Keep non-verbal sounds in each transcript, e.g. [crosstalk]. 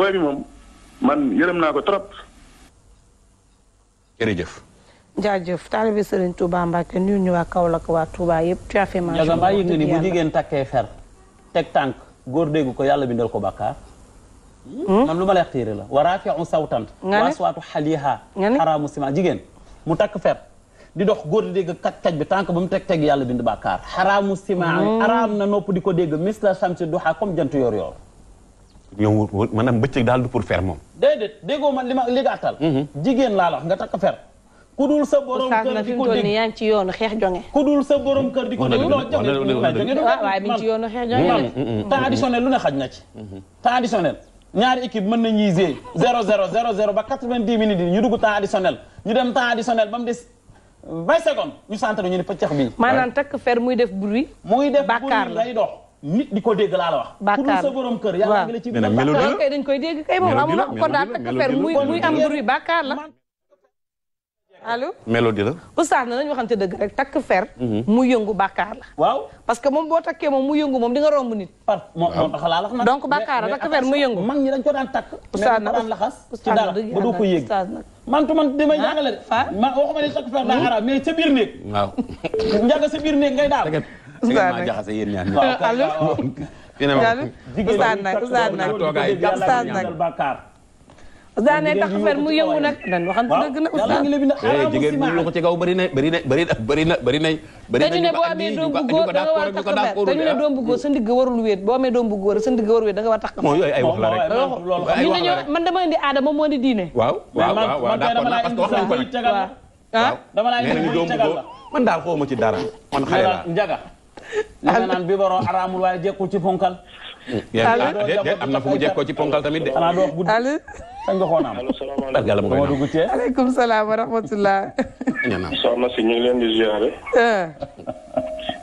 booy bi moom man yërëm naa ko trop. jërëjëf. jaajëf taalibe Serigne Touba Mbacke nuyu ñu waa Kaolack waa Touba yëpp. tu as fait takkee fer teg tànk góor dégg ko yàlla bindal ko bàkkaar. Hmm? man lu ma leex téere la wa raafi'un sawtan wa aswaatu xaliha xaraamu sima jigéen mu takk fer di dox góor di dégg kaj kaj bi tànk ba mu teg teg yàlla bind bàkkaar xaraamu sima xaraam hmm. na nopp di ko dégg misla samsi duha comme jant yor yor ñoom maanaam bëccëg daal du pour fer moom. déedéet déggoo man li ma li gàttal. Mhm. jigéen laa la nga takk fer. kudul sa borom kër di ko dégg yaa ci yoonu xeex jonge kudul sa borom kër di ko dégg non jonge waaye mi ngi ci yoonu xeex jonge mm, mm, mm. temps additionnel lu na ci temps additionnel ñaari équipe mën nañu yisee zéro zéro zéro zéro ba quatre-vingt-dix minutes yi ñu dugg temps additionnel ñu dem temps additionnel ba mu des vingt secondes ñu sant ñu ne pëccax bii maanaam takk fer muy def bruit muy def bruit lay dox nit di ko dégg laa la wax. bàkkaar pour borom kër yàlla ngi la ci. mais mélodie la dañ koy dégg kay moom la. allo mélodie la. oustaz na nañu waxante dëgg takk fer. Mhm. mu yëngu bàkkaar la. waaw parce que moom boo takkee moom mu yëngu moom di nga romb nit. par moom moom tax laalax donc bàkkaar la takk fer mu yëngu. mag ñi dañ ko daan takk. oustaz nag daan laxas ci dara ba doo ko yëg. man tu man damay ah, jàngale de. ah waxuma ne takk fer daa hmm? xaraam biir néeg. waaw njàng [laughs] sa biir néeg ngay daal. Ousane nag jaxase yéen ñaan allo Ousane nag Ousane nag Ousane nag Ousane ne tax mu yëngu nag dañ waxante dëgg na Ousane eh, jigéen bu lu ko ci kaw bëri na bëri na bëri na bëri na na bëri dañu ne boo amee doom bu góor da nga war a tax affaire dañu ne ah. doom bu góor sa ndigg warul wéet boo amee doom bu góor sa ndigg warul wéet da nga war a tax affaire yooyu ay wax la rek ñu dañoo man dama indi aadama di diine waaw waaw waaw d'accord parce que wax nañ ko nag ah dama laa indi doom bu góor man daal xawma ci dara man xale laa njaga li nga naan biberon araamul waaye jekkul ci ponkal. Ah, am na fu mu jekkoo ci ponkal tamit de. xanaa doo wax guddi. allo. sañ nga xoonam. si ñu ngi leen di ziare. Ah.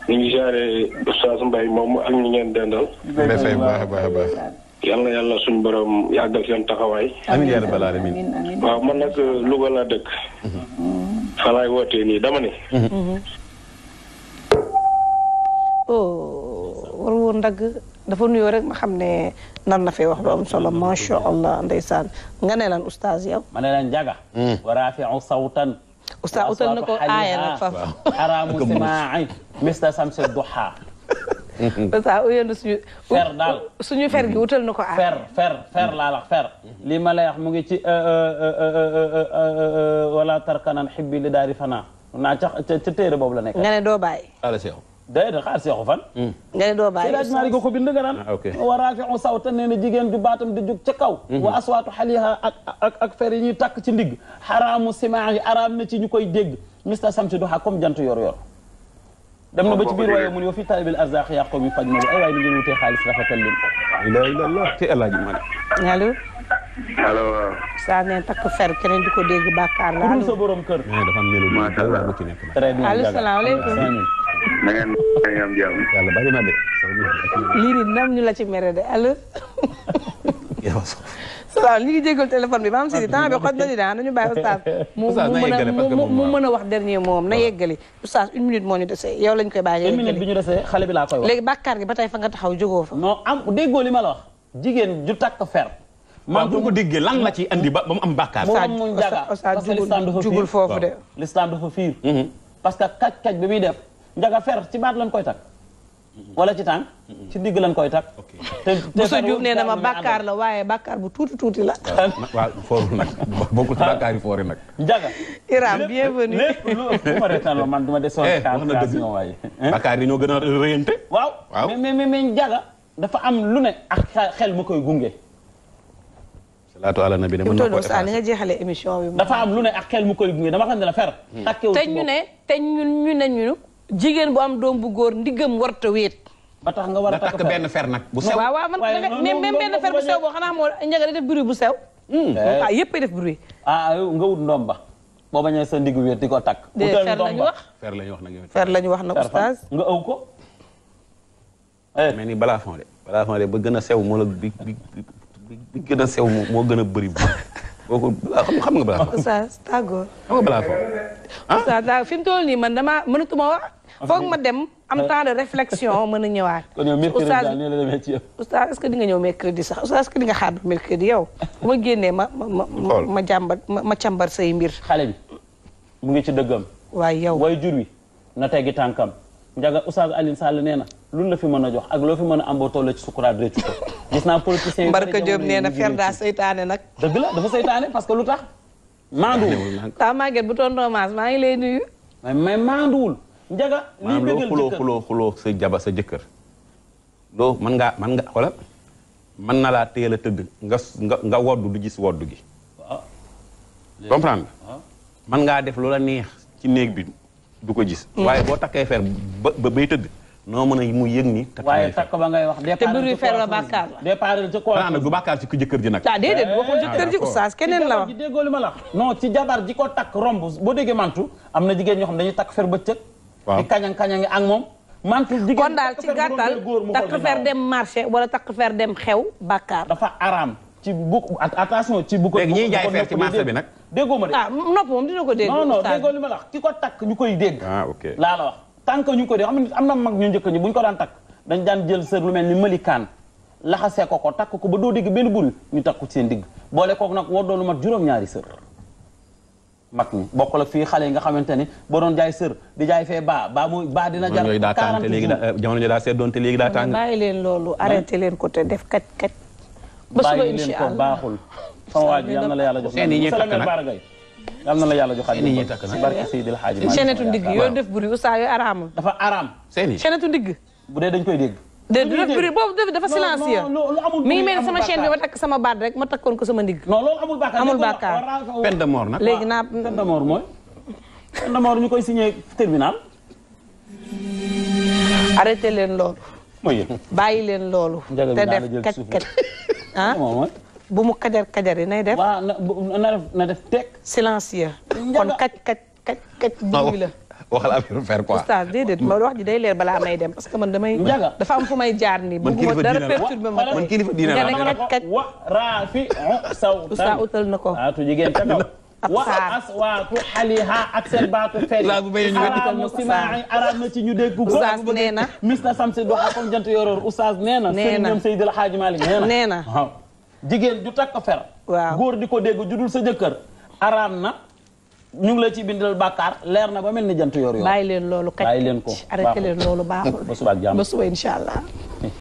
ñu ngi ziare mbay Mbaye moom ak ñu ngeen dendal. ndefay baax a baax a baax. yal na yàlla suñu borom yàggal taxawaay. amiin yaa rabbal aalamiin. waaw man nag Louga dëkk. Mm-hmm. fa laay nii dama mm-hmm. ndag dafa nuyoo rek ma xam ne nar na fee wax lu am solo macha allah ndeysaan nga ne lan oustaz yow. ma ne lan jaga. wa raafiu sawtan. oustaz utal na ko aaya nag faf. araamu simaai mista samsi fer daal suñu gi utal na ko aaya. fer fer fer laa la lii ma lay wax mu ngi ci wala tarkanan xibbi li daari fanaa naa ca boobu la nekk. nga ne doo day da xaar seexu fan. Hmm. ngay doo bàyyi Seydi ko ko bind nga naan. Ah, ok wa raafi'u sawta nee na jigéen ju baatam di jóg ca kaw. Hmm. wa aswaatu xaliha ak ak yi ñuy takk ci ndigg xaraamu simaa yi araam na ci ñu koy dégg mista samsi doxaa comme jant yor-yor. dem na ba ci biir waaye mu ne wa fi talibil arzaq yaa qawmi faj ma ay waaye ni ngeen xaalis rafetal leen ko. la ilaha illallah ci El Hadj Malick. allo. allo waaw. saa ne takk fer keneen di ko dégg bàkkaar la. allo ku dul sa borom kër. dafa am mélodie. macha na ngeen na am jàmm. yàlla bari na de. lii nii nam ñu la ci mere de allo. waaw ñu ngi jégal téléphone bi maam si di temps bi xoj na di daan nañu bàyyi oustaz mu mën mu mën a wax dernier moom na yeggali oustaz une minute moo ñu desee yow lañ koy bàyyi une minute bi ñu desee xale bi laa koy wax léegi bàkkaar gi ba tey fa nga taxaw jógoo fa non am déggoo li ma la wax jigéen ju takk fer man bu ko déggee lan la ci andi ba mu am bàkkaar moom mu jaga parce que l'islam dafa fiir jugul foofu de l'islam dafa fiir parce que kaj kaj bi muy def njaga fer ci baat lañ koy takk wala ci tànk ci digg lañ koy takk te Bousso Diouf nee na ma bàkkaar la waaye bàkkaar bu tuuti tuuti la [laughs] waaw foorul nag bokkul ci ah. bàkkaar yi foori nag Iram bienvenue lépp lu ma retaan man du ma de eh, eh? yi ñoo gën a rëyante waaw waaw mais mais dafa am lu ne a xel mu koy gunge salaatu ala nabi ne mën na ni nga jeexalee émission bi dafa lu ne ak koy gunge dama xam ne la fer hmm. te ñu ne ñu ñu jigéen bu am doom bu góor ndigam warta wéet. ba tax nga war a takk benn fer nag bu sew. waaw waaw bu sew boo xanaa moo njëkk a def bruit bu sew. waaw yëpp a def bruit. Ah, nga wut ba boo bañee sa ndiggu wéet di ko takk. de fer la ñu wax fer la fer la ñu wax nag oustaz. nga ëw ko. Eh. mais ni balaa fond de ba gën a sew moo la bi bi bi gën a sew moo gën a bëri bu [laughs] boo xam nga balaa fond. xam nga balaa fond. ah oustaz fi mu toll nii man damaa mënatuma wax. foog ma dem am temps de réflexion [laughs] mën a ñëwaat. kon yow mercredi daal nii la demee ci sax oustaz est-ce que xaar ba mercredi yow. bu ma génnee ma ma ma ma jàmbat ma càmbar say mbir. xale bi mu ngi ci dëggam. waay yow way jur wi na teggi tànkam. Njaga Oustaz Alioune Sall nee na lu la fi mën a jox ak loo fi mën a am boo toll ci sukuraat réccu ko gis naa politicien yi. Mbarka Diop nee na Ferda seytaane nag. dëgg la dafa seytaane parce que lu tax. maanduwul taa Maguette bu tonton Maas maa ngi lay nuyu. mais njaga lii bëggal xuloo jaba sa jëkkër loo mën ngaa mën nga xoolal mën na laa téel a tëdd nga nga nga woddu du gis woddu gi ah. comprendre ah. man ngaa def loola neex ci néeg bi du ko gis mm. waaye boo takkee fer ba bay noo mën a mu yëg ni waaye takk ba ngay wax te buri fer la bàkkaar la départ ci ko du bàkkaar ci ku jëkkër ji nag ah déedéet waxul jëkkër ji oustaz keneen la wax déggoo ma la ci jabar ji ko takk romb boo déggee mantu am na jigéen ñoo xam dañuy takk ba bëccëg waaw di kañang kañangi ak moom. mantu jigéen kon daal ci gàttal takk fer dem marché wala takk fer dem xew bàkkaar. dafa araam ci bu attention ci bu ko. léegi ñiy jaay fer ci bi nag. déggoo ma de ah nopp moom dina ko dégg. non ko takk ñu koy dégg. ah ok laa ñu ngi koy dégg xam nga am na mag ñu njëkk ñi bu ñu ko daan takk dañ daan jël sër lu mel ni malikaan laxasee ko ko takk ko ba doo dégg benn buri ñu takku seen digg boole kook nag war doonu ma juróom-ñaari sër mag ñi bokkul ak fii xale yi nga xamante ni boo doon jaay sër di jaay fee baa baa mu baa dina jar yooyu daa tàng te léegi jamono leen loolu arrêté leen ko te def kat kat ba suba incha allah baaxul sama waa ji yal na la yàlla jox seen takk nag yal na la yàlla jox seen yi ñuy takk nag barke Seydil ndigg yooyu def buri usaa yooyu araamul dafa araam seen yi seenetu ndigg bu dee dañ koy dégg de rubrique boobu dafa defa mi ngi mel ni sama chaîne bi ma takk sama baat rek ma kon ko sama ndigg non loolu amul bàkkaar amul bàkkaar de mort nag léegi naa peine de mort mooy peine de mort ñu koy signé tribunal arrêté leen loolu bàyyi leen loolu te def kaj kaj [laughs] ah bu mu kajar kajar yi nay def na def na def teg silencieux kon kaj kaj kaj kaj ah, la waxal affaire faire quoi. oustaz déedéet ma wax ji day leer balaa may dem parce que man damay. dafa am fu may jaar nii. man kilifa dara perturbe ma man kilifa diine la nga nekk kat wa raafi sawtan oustaz utal na ko. waatu jigéen ca kaw. wa aswaatu xaliha ak seen baatu fee. araamu simaai araam na ci ñu dégg ko. oustaz nee na. mis na samsi doxa comme jant yoroor oustaz nee na. nee na sëñ ñoom Seydi El Hadji Malick nee na. jigéen ju takk fer. waaw góor di ko dégg judul sa jëkkër araam na ñu ngi la ciy bindal bàkkaar leer na ba mel ni jant yor yor bàyyi leen loolu kaj bàyyi leen ko arrêté leen loolu baaxul ba suba ak jàmm ba suba incha allah